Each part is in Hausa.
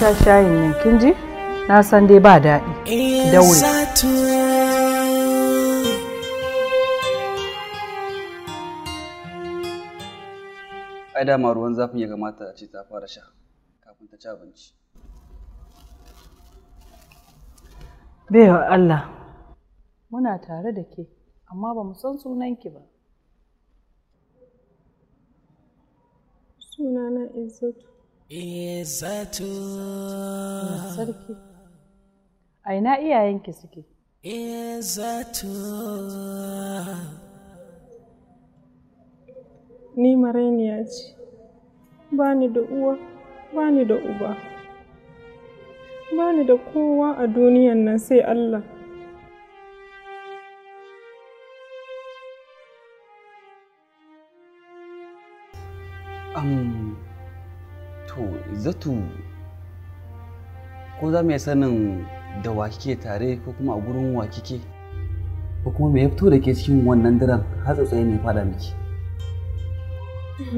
sha shayin nan kin ji na san dai ba daɗi daure ai dama ruwan zafin ya kamata a ce ta fara sha kafin ta ci abinci baiwa Allah muna tare da ke amma ba mu san ki ba sunana izzatu Izzatu. Sarki. A ina iyayenki suke? Izzatu. Ni marainiya ce, ba ni da uwa, ba ni da uba, ba ni da kowa a duniyan nan sai Allah. Um, to zatu ko za mu sanin da wa kike tare ko kuma a gurin wa kike ko kuma me ya fito da ke cikin wannan daren har tsaye ne fada miki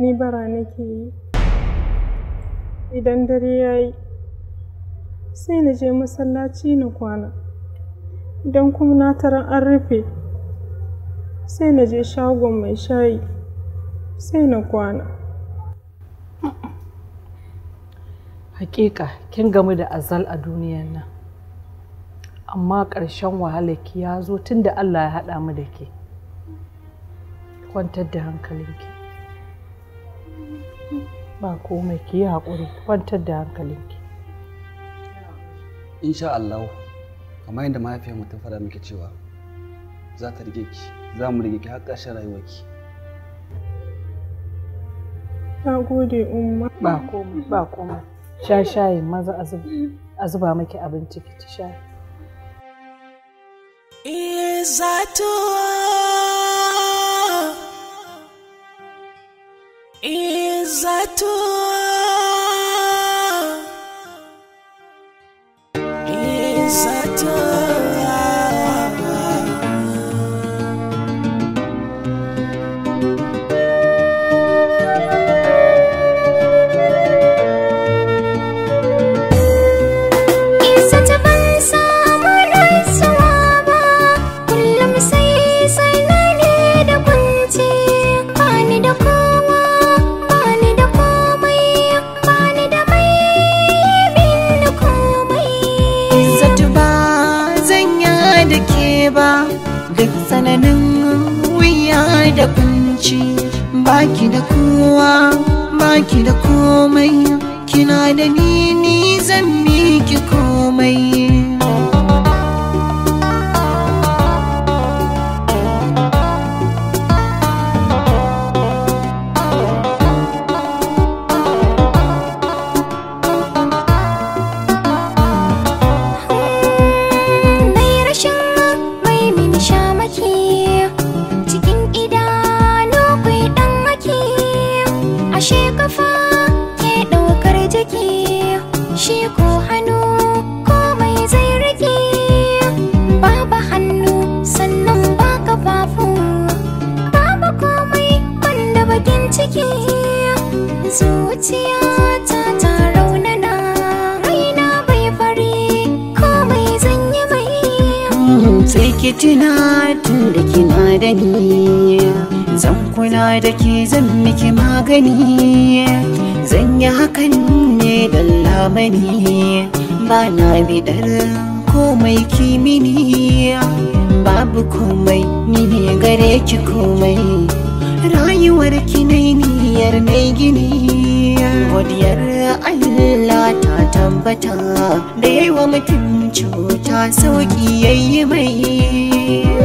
ni bara nake yi idan dare ya sai na je masallaci na kwana idan kuma na taron an rufe sai na je shagon mai shayi sai na kwana hakika kin gamu da azal a duniyar nan amma ƙarshen wahalarki ya zo tun da allah ya haɗa mu da ke kwantar da hankalinki ba komai ki yi haƙuri kwantar da hankalinki insha Allah kamar yadda mahaifiyar ta faɗa miki cewa za ta rige ki za mu rige ki har ƙarshen rayuwarki Na gode umma. Ba komai, ba komai. Sha shayi maza a zuba maki abinci ki ci sha. Eh zato. Eh ki da komai kina da ni ni zan miki komai kafafu babu komai wanda bakin ciki zuciya ta ta raunana raina bai fari komai zanyi mai sai ki tuna tun da kina da ni zan kula da zan miki magani zan yi hakan ne don lamani ba na bidar komai kiminiya babu komai ni ne gare ki komai rayuwar ki ne niyyar ne gini godiyar Allah ta tambata da yayi wa sauƙi cuta sauki yayi mai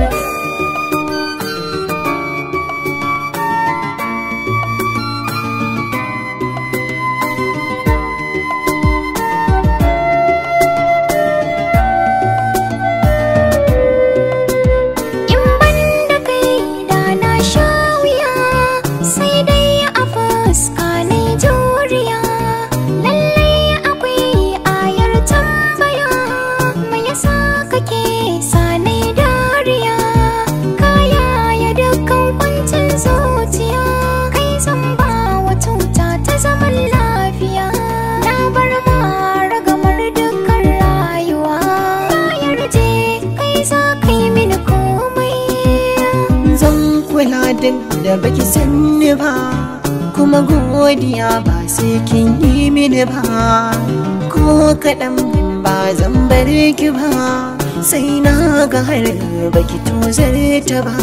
Duk da baki sanni ba kuma godiya ba sai kin yi mini ba ko kaɗan ba zan bar ki ba sai na ga har baki tozar ta ba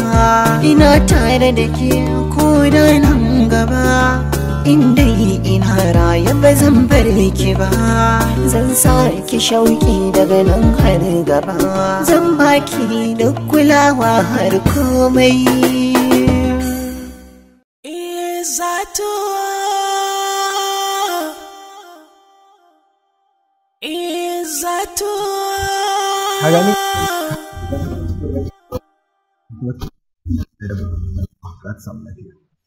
ina tare da ke ko da nan gaba inda ina raye ba zan bar ki ba zan sa ki shauki daga nan har gaba zan baki da kulawa har komai zato e zato harami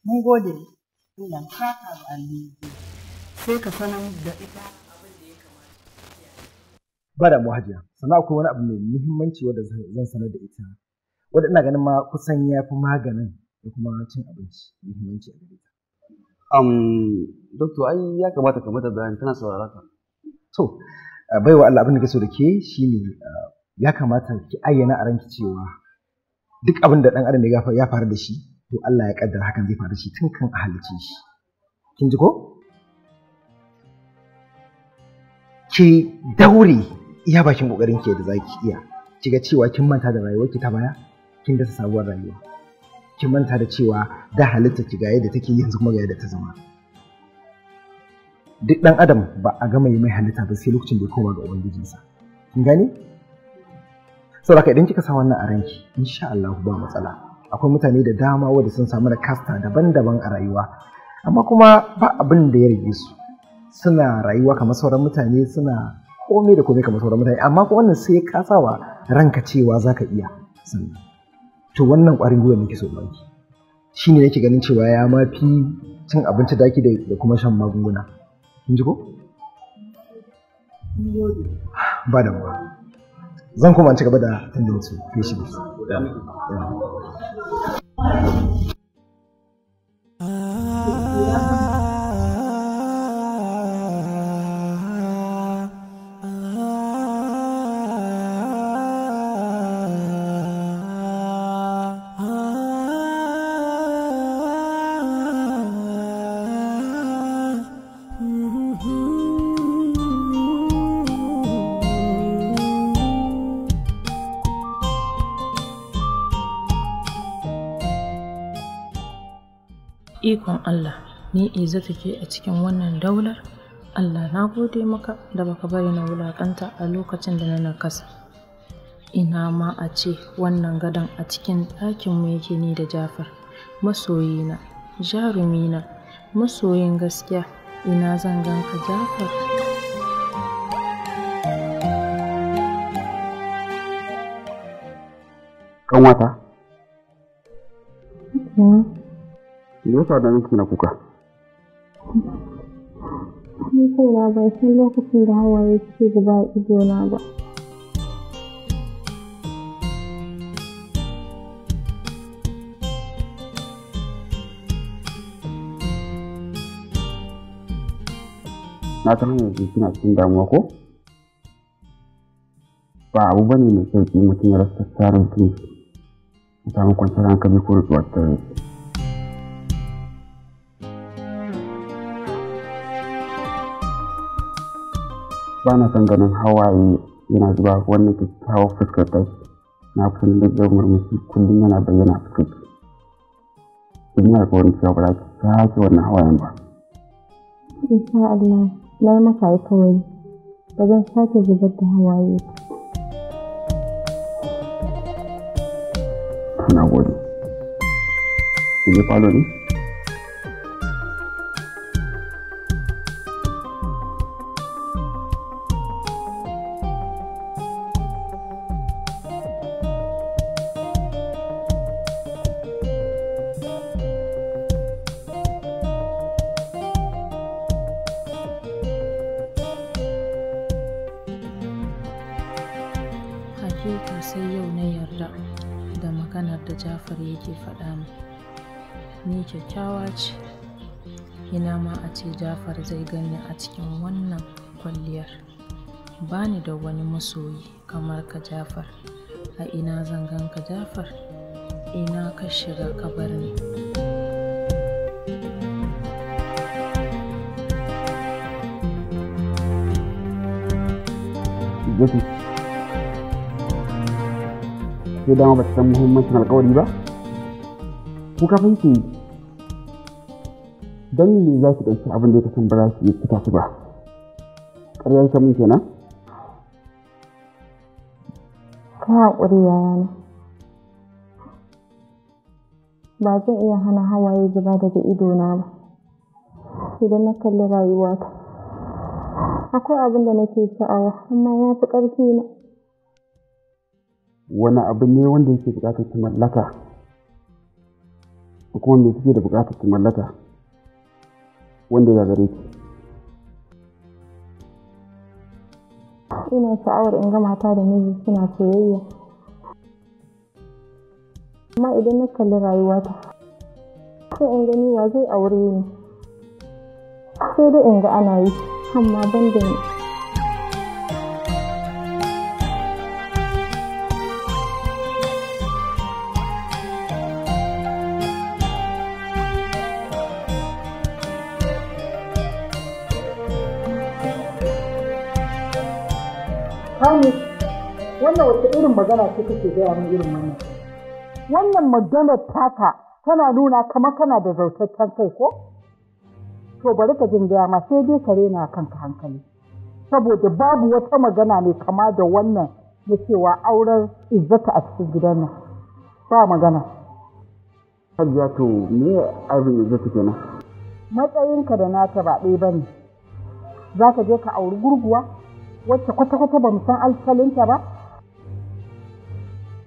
mun gode Allah kaka da alheri sai ka sanar da ita ba da hajiya sannan akwai wani abu mai muhimmanci wanda zan sanar da ita wanda ina ganin ma kusan ya fi maganin da kuma cin abinci muhimmanci a gare ta um doctor ai ya kamata ka mata bayani tana saurara ka to baiwa Allah abin da kake so da ke shine ya kamata ki ayyana a ranki cewa duk abin da dan adam ya faru da shi to Allah ya kaddara hakan zai faru da shi tun kan a halice shi kin ji ko ki daure iya bakin kokarin ki da zaki iya kiga cewa kin manta da rayuwar ki ta baya kin dasa sabuwar rayuwa ki manta da cewa da halitta ki ga yadda take yanzu kuma ga yadda ta zama duk dan adam ba a gama yi mai halitta ba sai lokacin da ya koma ga ubangijinsa kin gane saboda idan kika sa wannan a ranki insha Allah ba matsala akwai mutane da dama wanda sun samu da kasta daban-daban a rayuwa amma kuma ba abin da ya rage su suna rayuwa kamar sauran mutane suna komai da komai kamar sauran mutane amma kuma wannan sai ka kasawa ranka cewa zaka iya sannan to wannan ƙwarin gwiwa nake so shi ne nake ganin cewa ya ma fi cin abinci daki da kuma shan magunguna kin ji ko ba da ba zan kuma ci gaba da tendence patience Allah ni izzatu ke a cikin wannan daular Allah na gode maka da baka bari na wulakanta a lokacin da na nakasa ina ma a ce wannan gadon a cikin ɗakin mu yake ni da Jafar masoyina jarumina masoyin gaskiya ina zan ganka Jafar kan wata hmm? me yasa da miki na kuka ni na ba san lokacin da hawaye ke zuba ido na ba na ta hanyar kina cikin damuwa ko ba abu bane mai sauƙi mutum ya rasa tsarin mutum ya samu kwanciyar hankali ko rutsuwar tare bana son ganin hawaye yana zuba wannan kyakkyawar fuskar ta na kusan sanin murmushi kullum yana bayyana fuskar ki kin yi alƙawarin cewa ba za ki sake wannan hawayen ba insha Allah na yi maka kawai ba zan sake zubar da hawaye na gode falo ne ina ma a ce Jafar zai gani a cikin wannan kwalliyar. Ba ni da wani masoyi kamar ka Jafar, a ina zan gan ka Jafar, ina ka shiga ka bar ni. Ke dama ba ta san muhimmancin alkawari ba? Ku ka fahimci don me za ki ɗauki abin da ya kasan ba su yi kita su ba ƙaryar mun kenan ka haƙuri yana. ba zan iya hana hawaye zuba daga idona ba idan na kalli rayuwata akwai abin da nake sha'awa amma ya fi ƙarfi na wani abu ne wanda yake buƙatar ki mallaka kuma me kike da buƙatar ki mallaka wanda ya gare ki ina sha'awar in ga mata da miji suna soyayya amma idan na kalli rayuwata sai in gani wa zai aure ni sai dai in ga ana yi amma ban da wannan wata irin magana ce kake gaya min irin wannan wannan magana taka tana nuna kama kana da zautaccen kai ko to bari ka jin gaya ma sai dai ka rena kanka hankali saboda babu wata magana mai kama da wannan na cewa auren izzata a cikin gidan nan ba magana hajiya to me abin izzata kenan matsayinka da nata ba ɗaya bane za ka je ka auri gurguwa wacce kwata-kwata ba mu san alƙalinta ba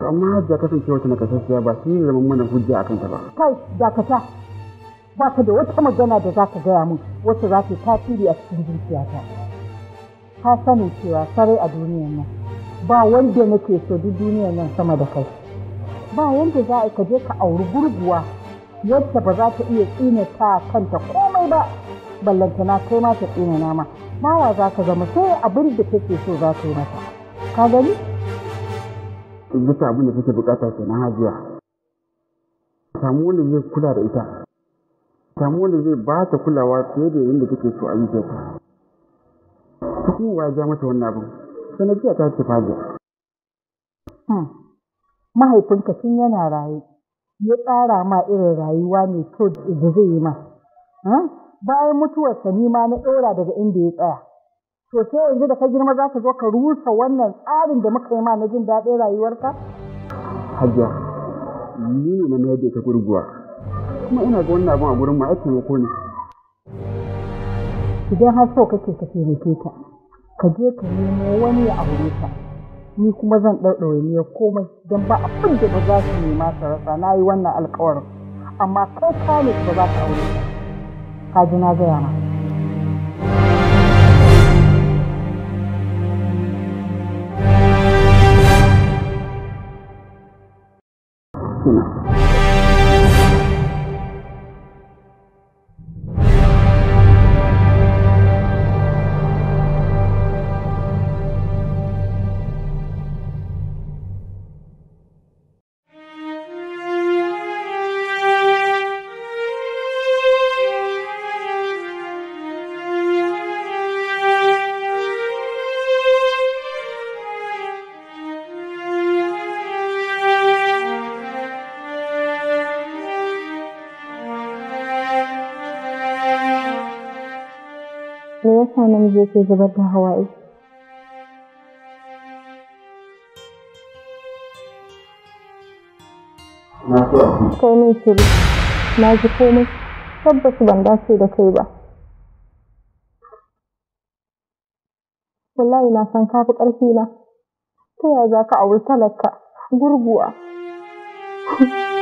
amma ya kasance wata nakasasshiya ba su yi zaman mana hujja a kanta ba. Kai dakata ba ka da wata magana da za ka gaya min wacce za ta tasiri a cikin zuciyata. Ka sani cewa sarai a duniyar nan ba wanda nake so duk duniyar nan sama da kai. Ba wanda za a je ka auri gurguwa yadda ba za ta iya tsine ta kanta komai ba ballantana kai ma ta tsina nama. Bawa za ka zama sai abin da kake so za ka yi mata. Ka gani? bisa abin da take bukata ke na hajiya samu wanda zai kula da ita samu wanda zai ba ta kulawa fiye da yadda take so a yi ta ta kuma wa ja mata wannan abin sanadiya ta ce fage. Hmm. mahaifinka tun yana raye ya tsara ma irin rayuwa mai kyau da zai yi ma hmm. bayan mutuwarsa ni ma na ɗora daga inda ya tsaya to sai yanzu da ka girma za ka zo ka rusa wannan tsarin da muka yi ma na jin daɗin rayuwarka? Hajiya, ni ne na mayar ta gurguwa, kuma ina ga wannan abin a gurin ma ake ne. Idan har so kake ka taimake ta, ka je ka nemo wani ya aure ta. Ni kuma zan ɗauɗaure ne komai don ba abin da ba za su nema ta rasa na yi wannan alkawarin. Amma kai ka ne ba za ka aure ta. Ka ji na gaya ma. Cristo. yasa namiji yake zubar da hawaye kai min shiru na ji komai tabbas ban dace da kai ba wallahi na san kafi ƙarfi na ta yaya za ka auri talaka gurguwa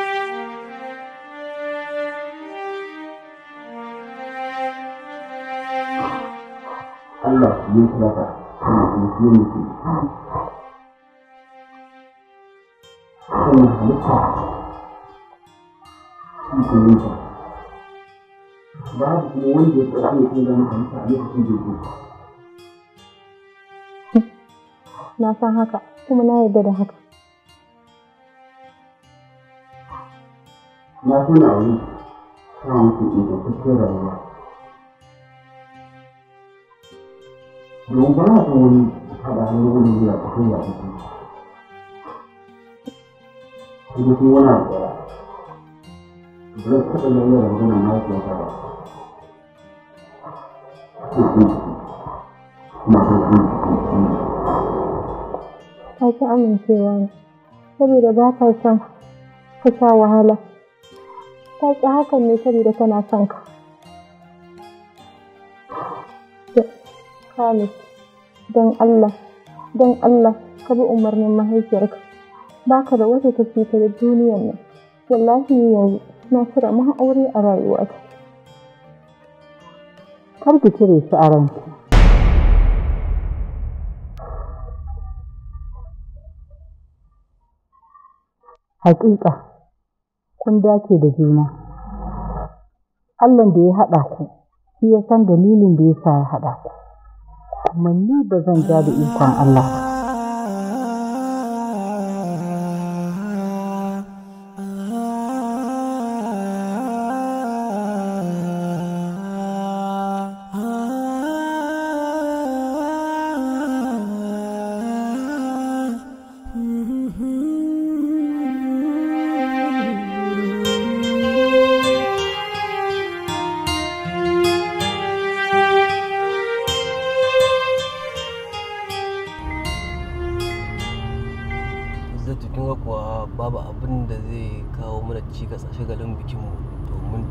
Allah ya saka shi ne shi sannan halitta shi ne shi babu kuma wanda ya tsarki ya kuma zama halitta a lokacin da ya na san haka kuma na yarda da haka na san a wani sa mutum ingantaccen rayuwa 로마나 좋은 사람으로 보는 게 그런 거 같아요. 그리고 공원할 거야. 그런 책을 내면 얼마나 많이 들어가. Ka ki amincewa ne, saboda ba ka son ka sha wahala. Ta ki hakan ne saboda tana son ka. kame don Allah, don Allah, ka bi umarnin mahaifiyarka. Ba ka da wata tafi ta da duniyar nan. Wallahi yanzu na cire maha aure a rayuwata. Kar ki cire su a ranki. Hakika, kun dace da juna. Allah da ya haɗa ku, shi ya san dalilin da ya sa ya haɗa ku. amma ba zan ja da ikon Allah ba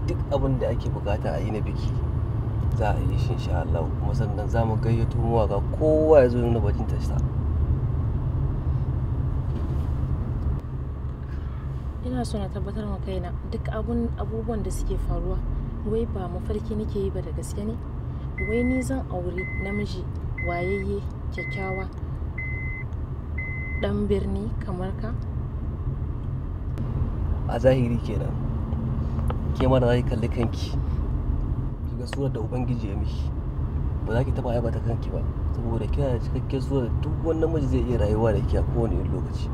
duk abin da ake bukata a yi na biki za a yi shi insha kuma sannan za mu gayyato mawaka kowa ya zo nuna bakin sa ina so na tabbatar ma kaina duk abubuwan da suke faruwa wai ba mafarki nake yi ba da gaske ne wai ni zan auri namiji wayayye kyakkyawa dan birni kamar ka a zahiri kenan ke mana za ki kalli kanki ki ga surar da ubangiji ya miki ba za ki taba aibata kanki ba saboda kina da cikakken surar duk wani namiji zai iya rayuwa da ke a kowane irin lokaci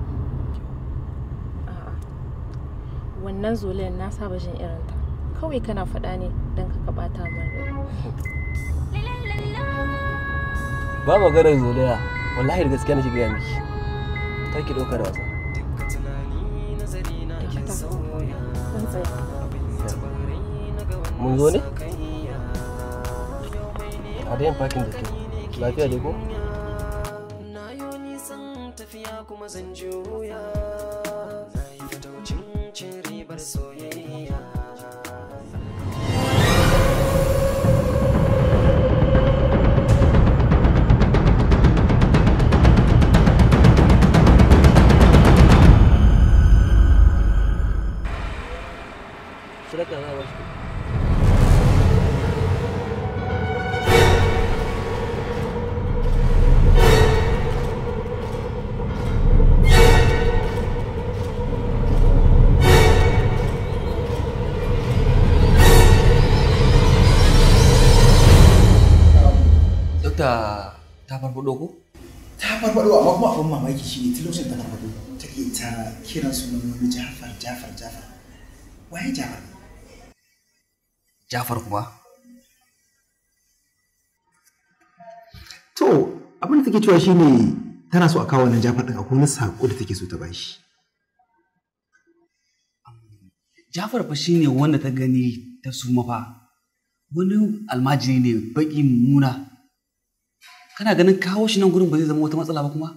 wannan zoliyar na saba jin irin ta kawai kana faɗa ne don ka bata min rai ba maganar zolaya wallahi da gaskiya na shiga miki kar ki ɗauka da wasa mun zo ne a da yin fakin da ke lafiya dai ko yi talaucin tana faɗo ke ta kiran sunan wani jafar jafar jafar waye jafar jafar kuma to abin da take cewa shine tana so a kawo wannan jafar ɗin akwai wani saƙo da take so ta bashi jafar fa shine wanda ta gani ta suma fa wani almajiri ne baƙi muna kana ganin kawo shi nan gurin ba zai zama wata matsala ba kuma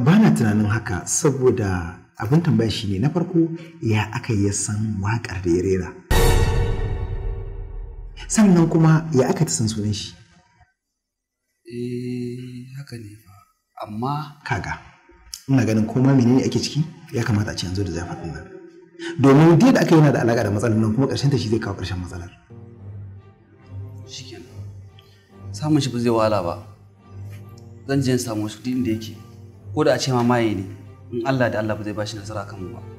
ba na tunanin haka saboda abin tambaya shi ne na farko ya aka yi san waƙar da ya rera sannan kuma ya aka ta san sunan shi eh haka ne fa amma kaga ina ganin koma menene ake ciki ya kamata a ce yanzu da zafafin nan domin duk da aka yi yana da alaƙa da matsalar nan kuma ƙarshen ta shi zai kawo ƙarshen matsalar shikenan samun shi ba zai wala ba zan je in samu shi duk inda yake ko da a ce ma maye ne in Allah da Allah ba zai bashi nasara kan mu ba